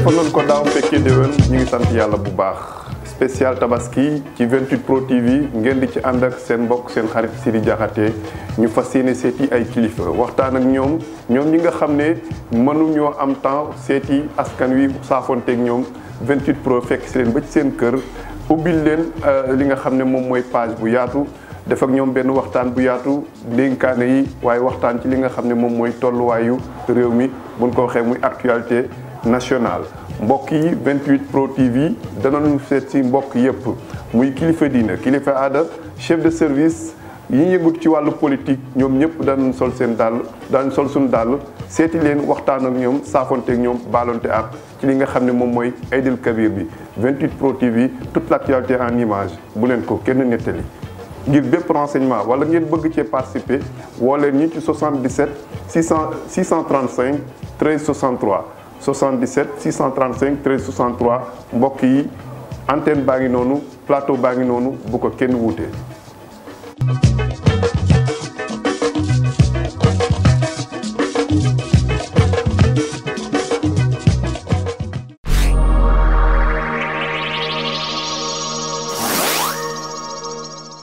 defaloon ko daaw fekkee déwén ñu ngi sant yàlla bu baax spécial tabaski ci 28 Pro TV ngeen di ci ànd ak seen mbokk seen xarit Siri Diakhaté ñu fas yéene seeti ay kilifa waxtaan ak ñoom ñoom ñi nga xam ne mënuñoo am temps seeti askan wi saafonteeg ñoom 28 Pro fekk si leen ba ci seen kër ubbil leen euh, li nga xam ne moom mooy page bu yaatu def ak ñoom benn waxtaan bu yaatu dénkaane yi waaye waxtaan ci li nga xam ne moom mooy tolluwaayu réew mi buñ ko waxee muy actualité. nationale mbokk yi 28 Pro TV danañu seet ci mbokk yépp muy kilifa diina kilifa aada chef de service yi yëngut ci wàllu politique ñoom ñëpp danañ sol seen dàll danañ sol suñu dàll seeti leen waxtaan ak ñoom saafonte ak ñoom baalonte ak ci li nga xam ne moom mooy Aïdil Kabir bi 28 Pro TV toute l'actualité en image bu leen ko kenn nettali ngir bépp renseignement wala ngeen bëgg cee participer woo leen ñu ci 77 600 635 13 63 77 635 13 63 mbokk yi antenne baa ngi noonu plateau baa ngi noonu bu ko kenn wuute.